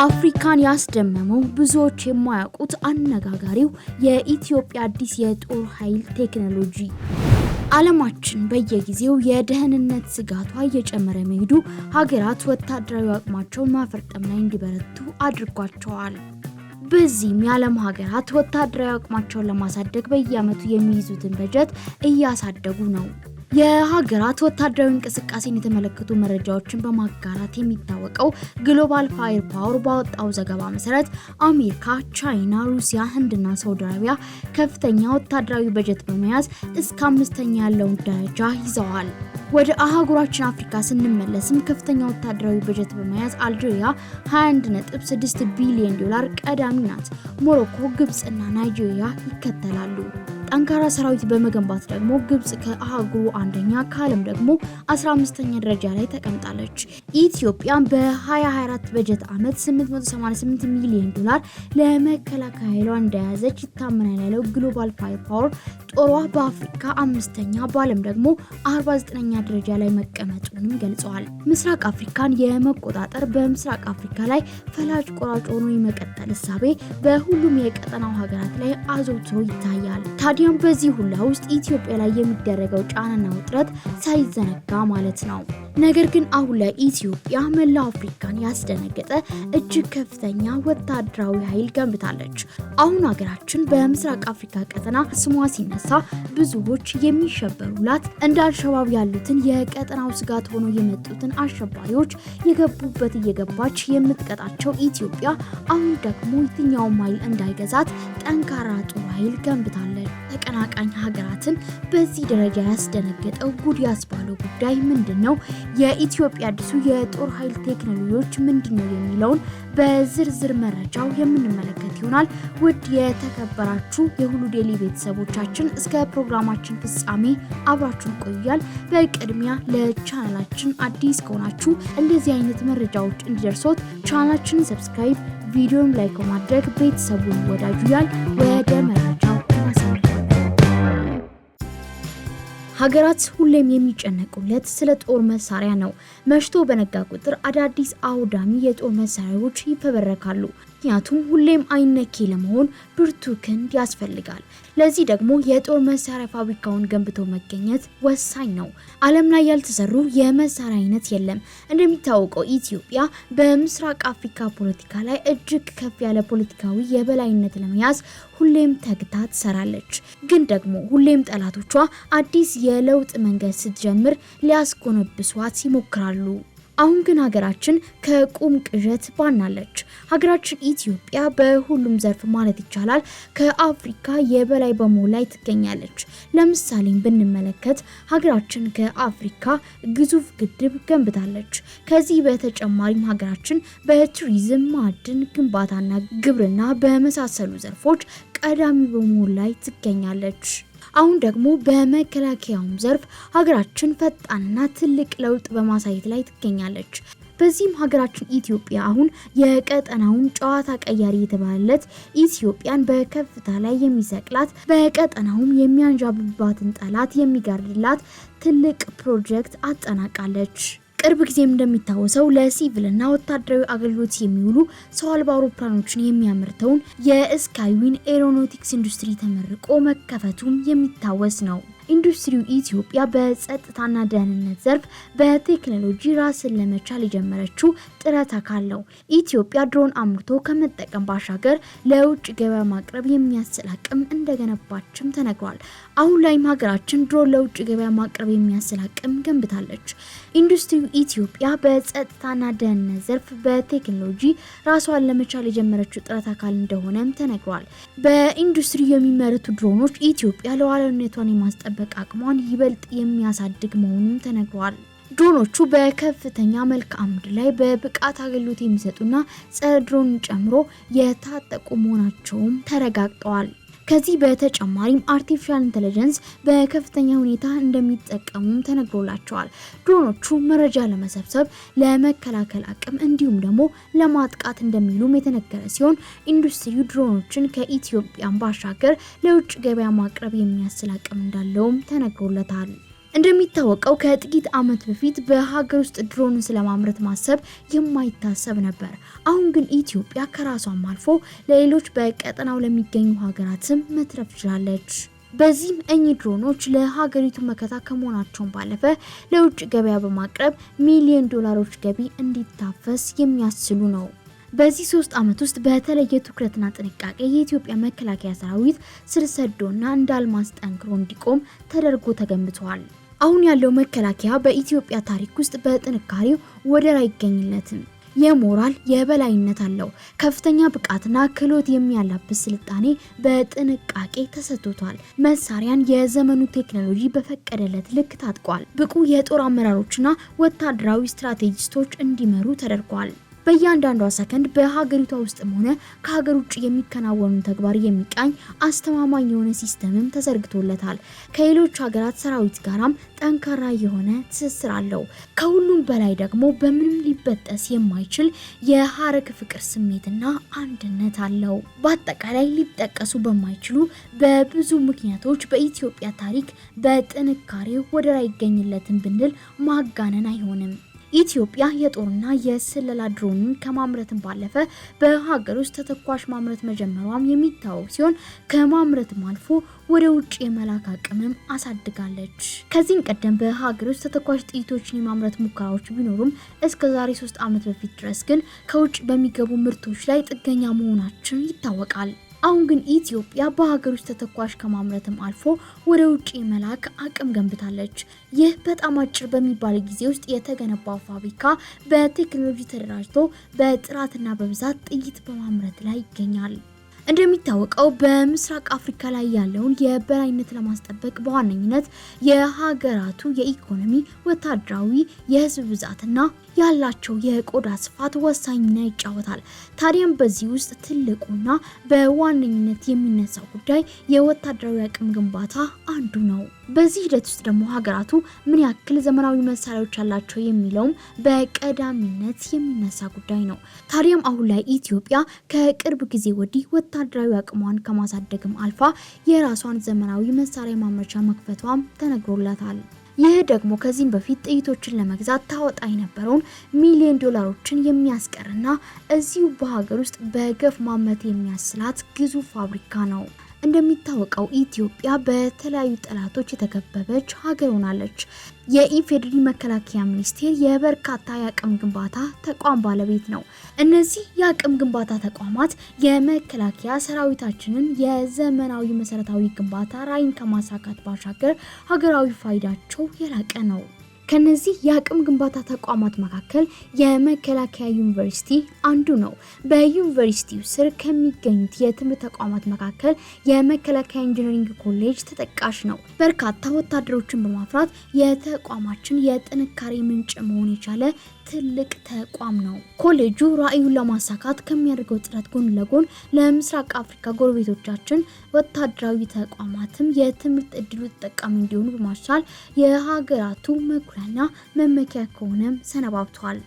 አፍሪካን ያስደመመው ብዙዎች የማያውቁት አነጋጋሪው የኢትዮጵያ አዲስ የጦር ኃይል ቴክኖሎጂ። ዓለማችን በየጊዜው የደህንነት ስጋቷ እየጨመረ መሄዱ ሀገራት ወታደራዊ አቅማቸውን ማፈርጠም ላይ እንዲበረቱ አድርጓቸዋል። በዚህም የዓለም ሀገራት ወታደራዊ አቅማቸውን ለማሳደግ በየዓመቱ የሚይዙትን በጀት እያሳደጉ ነው። የሀገራት ወታደራዊ እንቅስቃሴን የተመለከቱ መረጃዎችን በማጋራት የሚታወቀው ግሎባል ፋየር ፓወር ባወጣው ዘገባ መሰረት አሜሪካ፣ ቻይና፣ ሩሲያ፣ ህንድና ሳውዲ አረቢያ ከፍተኛ ወታደራዊ በጀት በመያዝ እስከ አምስተኛ ያለውን ደረጃ ይዘዋል። ወደ አህጉራችን አፍሪካ ስንመለስም ከፍተኛ ወታደራዊ በጀት በመያዝ አልጄሪያ 21.6 ቢሊዮን ዶላር ቀዳሚ ናት። ሞሮኮ፣ ግብፅና ናይጄሪያ ይከተላሉ። ጠንካራ ሰራዊት በመገንባት ደግሞ ግብጽ ከአህጉሩ አንደኛ ከዓለም ደግሞ 15ኛ ደረጃ ላይ ተቀምጣለች። ኢትዮጵያ በ2024 በጀት ዓመት 888 ሚሊዮን ዶላር ለመከላከያ ኃይሏ እንደያዘች ይታመናል ያለው ግሎባል ፋይር ፓወር ጦሯ በአፍሪካ አምስተኛ በዓለም ደግሞ 49ኛ ደረጃ ላይ መቀመጡንም ገልጸዋል። ምስራቅ አፍሪካን የመቆጣጠር በምስራቅ አፍሪካ ላይ ፈላጭ ቆራጭ ሆኖ የመቀጠል እሳቤ በሁሉም የቀጠናው ሀገራት ላይ አዘውትሮ ይታያል። ታዲያም በዚህ ሁላ ውስጥ ኢትዮጵያ ላይ የሚደረገው ጫናና ውጥረት ሳይዘነጋ ማለት ነው። ነገር ግን አሁን ላይ ኢትዮጵያ መላው አፍሪካን ያስደነገጠ እጅግ ከፍተኛ ወታደራዊ ኃይል ገንብታለች። አሁን ሀገራችን በምስራቅ አፍሪካ ቀጠና ስሟ ሲነሳ ብዙዎች የሚሸበሩላት እንደ አልሸባብ ያሉትን የቀጠናው ስጋት ሆኖ የመጡትን አሸባሪዎች የገቡበት እየገባች የምትቀጣቸው ኢትዮጵያ አሁን ደግሞ የትኛውም ኃይል እንዳይገዛት ጠንካራ ጦር ኃይል ገንብታለች። ተቀናቃኝ ሀገራትን በዚህ ደረጃ ያስደነገጠው ጉድ ያስባለው ጉዳይ ምንድን ነው? የኢትዮጵያ አዲሱ የጦር ኃይል ቴክኖሎጂዎች ምንድን ነው የሚለውን በዝርዝር መረጃው የምንመለከት ይሆናል። ውድ የተከበራችሁ የሁሉ ዴሊ ቤተሰቦቻችን እስከ ፕሮግራማችን ፍጻሜ አብራችሁን ቆያል። በቅድሚያ ለቻናላችን አዲስ ከሆናችሁ እንደዚህ አይነት መረጃዎች እንዲደርሶት ቻናላችንን ሰብስክራይብ፣ ቪዲዮም ላይክ በማድረግ ቤተሰቡን ወዳጁ ያል ወደ መረጃ ሀገራት ሁሌም የሚጨነቁለት ስለ ጦር መሳሪያ ነው። መሽቶ በነጋ ቁጥር አዳዲስ አውዳሚ የጦር መሳሪያዎች ይፈበረካሉ። ምክንያቱም ሁሌም አይነኬ ለመሆን ብርቱ ክንድ ያስፈልጋል። ለዚህ ደግሞ የጦር መሳሪያ ፋብሪካውን ገንብቶ መገኘት ወሳኝ ነው። ዓለም ላይ ያልተሰሩ የመሳሪያ አይነት የለም። እንደሚታወቀው ኢትዮጵያ በምስራቅ አፍሪካ ፖለቲካ ላይ እጅግ ከፍ ያለ ፖለቲካዊ የበላይነት ለመያዝ ሁሌም ተግታ ትሰራለች። ግን ደግሞ ሁሌም ጠላቶቿ አዲስ የለውጥ መንገድ ስትጀምር ሊያስጎነብሷት ይሞክራሉ። አሁን ግን ሀገራችን ከቁም ቅዠት ባናለች። ሀገራችን ኢትዮጵያ በሁሉም ዘርፍ ማለት ይቻላል ከአፍሪካ የበላይ በመሆን ላይ ትገኛለች። ለምሳሌም ብንመለከት ሀገራችን ከአፍሪካ ግዙፍ ግድብ ገንብታለች። ከዚህ በተጨማሪም ሀገራችን በቱሪዝም፣ ማዕድን፣ ግንባታና ግብርና በመሳሰሉ ዘርፎች ቀዳሚ በመሆን ላይ ትገኛለች። አሁን ደግሞ በመከላከያውም ዘርፍ ሀገራችን ፈጣንና ትልቅ ለውጥ በማሳየት ላይ ትገኛለች። በዚህም ሀገራችን ኢትዮጵያ አሁን የቀጠናውን ጨዋታ ቀያሪ የተባለለት ኢትዮጵያን በከፍታ ላይ የሚሰቅላት በቀጠናውም የሚያንዣብባትን ጠላት የሚጋርድላት ትልቅ ፕሮጀክት አጠናቃለች። ቅርብ ጊዜም እንደሚታወሰው ለሲቪልና ወታደራዊ አገልግሎት የሚውሉ ሰው አልባ አውሮፕላኖችን የሚያመርተውን የስካይዊን ኤሮኖቲክስ ኢንዱስትሪ ተመርቆ መከፈቱም የሚታወስ ነው። ኢንዱስትሪው ኢትዮጵያ በጸጥታና ደህንነት ዘርፍ በቴክኖሎጂ ራስን ለመቻል የጀመረችው ጥረት አካል ነው። ኢትዮጵያ ድሮን አምርቶ ከመጠቀም ባሻገር ለውጭ ገበያ ማቅረብ የሚያስችል አቅም እንደገነባችም ተነግሯል። አሁን ላይም ሀገራችን ድሮን ለውጭ ገበያ ማቅረብ የሚያስችል አቅም ገንብታለች። ኢንዱስትሪው ኢትዮጵያ በጸጥታና ደህንነት ዘርፍ በቴክኖሎጂ ራሷን ለመቻል የጀመረችው ጥረት አካል እንደሆነም ተነግሯል። በኢንዱስትሪ የሚመረቱ ድሮኖች ኢትዮጵያ ለዋለነቷን የማስጠበቅ አቅሟን ይበልጥ የሚያሳድግ መሆኑም ተነግሯል። ድሮኖቹ በከፍተኛ መልክዓ ምድር ላይ በብቃት አገልግሎት የሚሰጡና ጸረ ድሮን ጨምሮ የታጠቁ መሆናቸውም ተረጋግጠዋል። ከዚህ በተጨማሪም አርቲፊሻል ኢንቴሊጀንስ በከፍተኛ ሁኔታ እንደሚጠቀሙም ተነግሮላቸዋል። ድሮኖቹ መረጃ ለመሰብሰብ፣ ለመከላከል አቅም እንዲሁም ደግሞ ለማጥቃት እንደሚሉም የተነገረ ሲሆን ኢንዱስትሪው ድሮኖችን ከኢትዮጵያን ባሻገር ለውጭ ገበያ ማቅረብ የሚያስችል አቅም እንዳለውም ተነግሮለታል። እንደሚታወቀው ከጥቂት ዓመት በፊት በሀገር ውስጥ ድሮንን ስለማምረት ማሰብ የማይታሰብ ነበር። አሁን ግን ኢትዮጵያ ከራሷም አልፎ ለሌሎች በቀጠናው ለሚገኙ ሀገራትም መትረፍ ችላለች። በዚህም እኚህ ድሮኖች ለሀገሪቱ መከታ ከመሆናቸውን ባለፈ ለውጭ ገበያ በማቅረብ ሚሊዮን ዶላሮች ገቢ እንዲታፈስ የሚያስችሉ ነው። በዚህ ሶስት ዓመት ውስጥ በተለየ ትኩረትና ጥንቃቄ የኢትዮጵያ መከላከያ ሰራዊት ስር ሰዶና እንደ አልማዝ ጠንክሮ እንዲቆም ተደርጎ ተገንብተዋል። አሁን ያለው መከላከያ በኢትዮጵያ ታሪክ ውስጥ በጥንካሬው ወደር አይገኝለትም። የሞራል የበላይነት አለው። ከፍተኛ ብቃትና ክህሎት የሚያላብስ ስልጣኔ በጥንቃቄ ተሰጥቶታል። መሳሪያን የዘመኑ ቴክኖሎጂ በፈቀደለት ልክ ታጥቋል። ብቁ የጦር አመራሮችና ወታደራዊ ስትራቴጂስቶች እንዲመሩ ተደርጓል። በእያንዳንዷ ሰከንድ በሀገሪቷ ውስጥም ሆነ ከሀገር ውጭ የሚከናወኑ ተግባር የሚቃኝ አስተማማኝ የሆነ ሲስተምም ተዘርግቶለታል። ከሌሎች ሀገራት ሰራዊት ጋራም ጠንካራ የሆነ ትስስር አለው። ከሁሉም በላይ ደግሞ በምንም ሊበጠስ የማይችል የሀረክ ፍቅር ስሜትና አንድነት አለው። በአጠቃላይ ሊጠቀሱ በማይችሉ በብዙ ምክንያቶች በኢትዮጵያ ታሪክ በጥንካሬ ወደር አይገኝለትም ብንል ማጋነን አይሆንም። ኢትዮጵያ የጦርና የስለላ ድሮን ከማምረትን ባለፈ በሀገር ውስጥ ተተኳሽ ማምረት መጀመሯም የሚታወቅ ሲሆን ከማምረትም አልፎ ወደ ውጭ የመላክ አቅምም አሳድጋለች። ከዚህም ቀደም በሀገር ውስጥ ተተኳሽ ጥይቶችን የማምረት ሙከራዎች ቢኖሩም እስከ ዛሬ ሶስት ዓመት በፊት ድረስ ግን ከውጭ በሚገቡ ምርቶች ላይ ጥገኛ መሆናችን ይታወቃል። አሁን ግን ኢትዮጵያ በሀገር ውስጥ ተተኳሽ ከማምረትም አልፎ ወደ ውጭ መላክ አቅም ገንብታለች። ይህ በጣም አጭር በሚባል ጊዜ ውስጥ የተገነባ ፋብሪካ በቴክኖሎጂ ተደራጅቶ በጥራትና በብዛት ጥይት በማምረት ላይ ይገኛል። እንደሚታወቀው በምስራቅ አፍሪካ ላይ ያለውን የበላይነት ለማስጠበቅ በዋነኝነት የሀገራቱ የኢኮኖሚ፣ ወታደራዊ፣ የህዝብ ብዛትና ያላቸው የቆዳ ስፋት ወሳኝ ሚና ይጫወታል። ታዲያም በዚህ ውስጥ ትልቁና በዋነኝነት የሚነሳው ጉዳይ የወታደራዊ አቅም ግንባታ አንዱ ነው። በዚህ ሂደት ውስጥ ደግሞ ሀገራቱ ምን ያክል ዘመናዊ መሳሪያዎች አላቸው የሚለውም በቀዳሚነት የሚነሳ ጉዳይ ነው። ታዲያም አሁን ላይ ኢትዮጵያ ከቅርብ ጊዜ ወዲህ ወታደራዊ አቅሟን ከማሳደግም አልፋ የራሷን ዘመናዊ መሳሪያ ማምረቻ መክፈቷም ተነግሮላታል። ይህ ደግሞ ከዚህም በፊት ጥይቶችን ለመግዛት ታወጣ የነበረውን ሚሊዮን ዶላሮችን የሚያስቀርና እዚሁ በሀገር ውስጥ በገፍ ማመት የሚያስላት ግዙፍ ፋብሪካ ነው። እንደሚታወቀው ኢትዮጵያ በተለያዩ ጠላቶች የተከበበች ሀገር ሆናለች። የኢፌዴሪ መከላከያ ሚኒስቴር የበርካታ የአቅም ግንባታ ተቋም ባለቤት ነው። እነዚህ የአቅም ግንባታ ተቋማት የመከላከያ ሰራዊታችንን የዘመናዊ መሰረታዊ ግንባታ ራዕይን ከማሳካት ባሻገር ሀገራዊ ፋይዳቸው የላቀ ነው። ከነዚህ የአቅም ግንባታ ተቋማት መካከል የመከላከያ ዩኒቨርሲቲ አንዱ ነው። በዩኒቨርሲቲው ስር ከሚገኙት የትምህርት ተቋማት መካከል የመከላከያ ኢንጂነሪንግ ኮሌጅ ተጠቃሽ ነው። በርካታ ወታደሮችን በማፍራት የተቋማችን የጥንካሬ ምንጭ መሆን የቻለ ትልቅ ተቋም ነው። ኮሌጁ ራዕዩን ለማሳካት ከሚያደርገው ጥረት ጎን ለጎን ለምስራቅ አፍሪካ ጎረቤቶቻችን ወታደራዊ ተቋማትም የትምህርት እድሉ ተጠቃሚ እንዲሆኑ በማስቻል የሀገራቱ መኩ መኩሪያና መመኪያ ከሆነም ሰነባብቷል።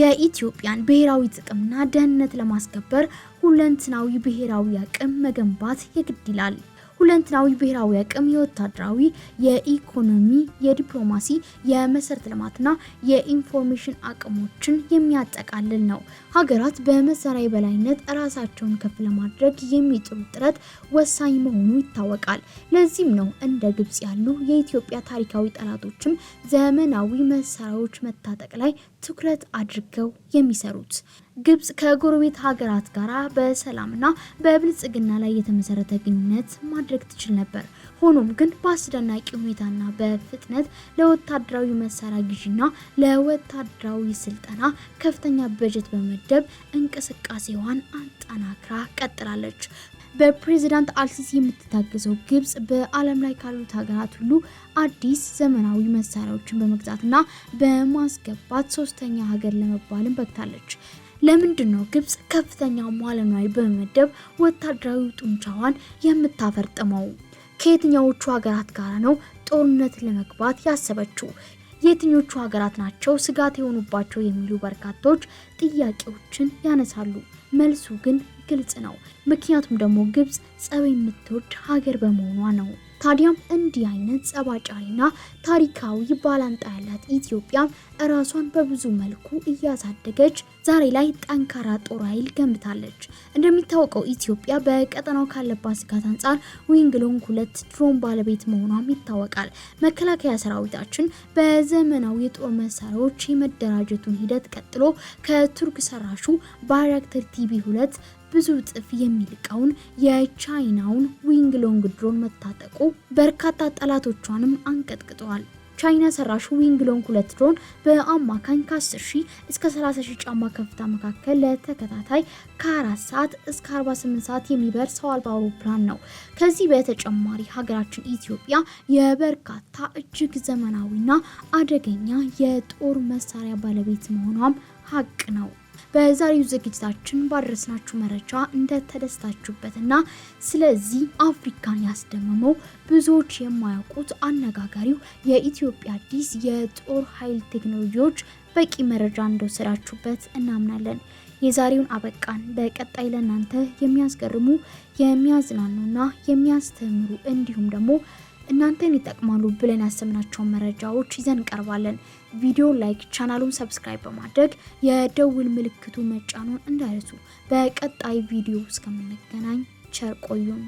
የኢትዮጵያን ብሔራዊ ጥቅምና ደህንነት ለማስከበር ሁለንትናዊ ብሔራዊ አቅም መገንባት የግድ ይላል። ሁለንትናዊ ብሔራዊ አቅም የወታደራዊ፣ የኢኮኖሚ፣ የዲፕሎማሲ፣ የመሰረተ ልማትና የኢንፎርሜሽን አቅሞችን የሚያጠቃልል ነው። ሀገራት በመሳሪያ የበላይነት ራሳቸውን ከፍ ለማድረግ የሚጥሩ ጥረት ወሳኝ መሆኑ ይታወቃል። ለዚህም ነው እንደ ግብጽ ያሉ የኢትዮጵያ ታሪካዊ ጠላቶችም ዘመናዊ መሳሪያዎች መታጠቅ ላይ ትኩረት አድርገው የሚሰሩት። ግብጽ ከጎረቤት ሀገራት ጋር በሰላምና በብልጽግና ላይ የተመሰረተ ግንኙነት ማድረግ ትችል ነበር። ሆኖም ግን በአስደናቂ ሁኔታና በፍጥነት ለወታደራዊ መሳሪያ ግዢና ለወታደራዊ ስልጠና ከፍተኛ በጀት በመደብ እንቅስቃሴዋን አጠናክራ ቀጥላለች። በፕሬዚዳንት አልሲሲ የምትታገዘው ግብጽ በዓለም ላይ ካሉት ሀገራት ሁሉ አዲስ ዘመናዊ መሳሪያዎችን በመግዛትና በማስገባት ሶስተኛ ሀገር ለመባልን በቅታለች። ለምንድን ነው ግብጽ ከፍተኛ መዋለ ንዋይ በመመደብ ወታደራዊ ጡንቻዋን የምታፈርጥመው? ከየትኛዎቹ ሀገራት ጋር ነው ጦርነት ለመግባት ያሰበችው? የትኞቹ ሀገራት ናቸው ስጋት የሆኑባቸው የሚሉ በርካቶች ጥያቄዎችን ያነሳሉ። መልሱ ግን ግልጽ ነው። ምክንያቱም ደግሞ ግብጽ ጸብ የምትወድ ሀገር በመሆኗ ነው። ታዲያም እንዲህ አይነት ጸባጫሪና ታሪካዊ ባላንጣ ያላት ኢትዮጵያ እራሷን በብዙ መልኩ እያሳደገች ዛሬ ላይ ጠንካራ ጦር ኃይል ገንብታለች። እንደሚታወቀው ኢትዮጵያ በቀጠናው ካለባት ስጋት አንጻር ዊንግሎንግ ሁለት ድሮን ባለቤት መሆኗም ይታወቃል። መከላከያ ሰራዊታችን በዘመናዊ የጦር መሳሪያዎች የመደራጀቱን ሂደት ቀጥሎ ከቱርክ ሰራሹ ባይራክተር ቲቪ ሁለት ብዙ እጥፍ የሚልቀውን የቻይናውን ዊንግ ሎንግ ድሮን መታጠቁ በርካታ ጠላቶቿንም አንቀጥቅጠዋል። ቻይና ሰራሽ ዊንግ ሎንግ ሁለት ድሮን በአማካኝ ከ10 ሺህ እስከ 30 ሺህ ጫማ ከፍታ መካከል ለተከታታይ ከ4 ሰዓት እስከ 48 ሰዓት የሚበር ሰው አልባ አውሮፕላን ነው። ከዚህ በተጨማሪ ሀገራችን ኢትዮጵያ የበርካታ እጅግ ዘመናዊና አደገኛ የጦር መሳሪያ ባለቤት መሆኗም ሀቅ ነው። በዛሬው ዝግጅታችን ባደረስናችሁ መረጃ እንደተደስታችሁበትና ስለዚህ አፍሪካን ያስደመመው ብዙዎች የማያውቁት አነጋጋሪው የኢትዮጵያ አዲስ የጦር ኃይል ቴክኖሎጂዎች በቂ መረጃ እንደወሰዳችሁበት እናምናለን። የዛሬውን አበቃን። በቀጣይ ለእናንተ የሚያስገርሙ የሚያዝናኑና የሚያስተምሩ እንዲሁም ደግሞ እናንተን ይጠቅማሉ ብለን ያሰብናቸውን መረጃዎች ይዘን ቀርባለን። ቪዲዮ ላይክ፣ ቻናሉን ሰብስክራይብ በማድረግ የደውል ምልክቱ መጫኑን እንዳይረሱ። በቀጣይ ቪዲዮ እስከምንገናኝ ቸር ቆዩን።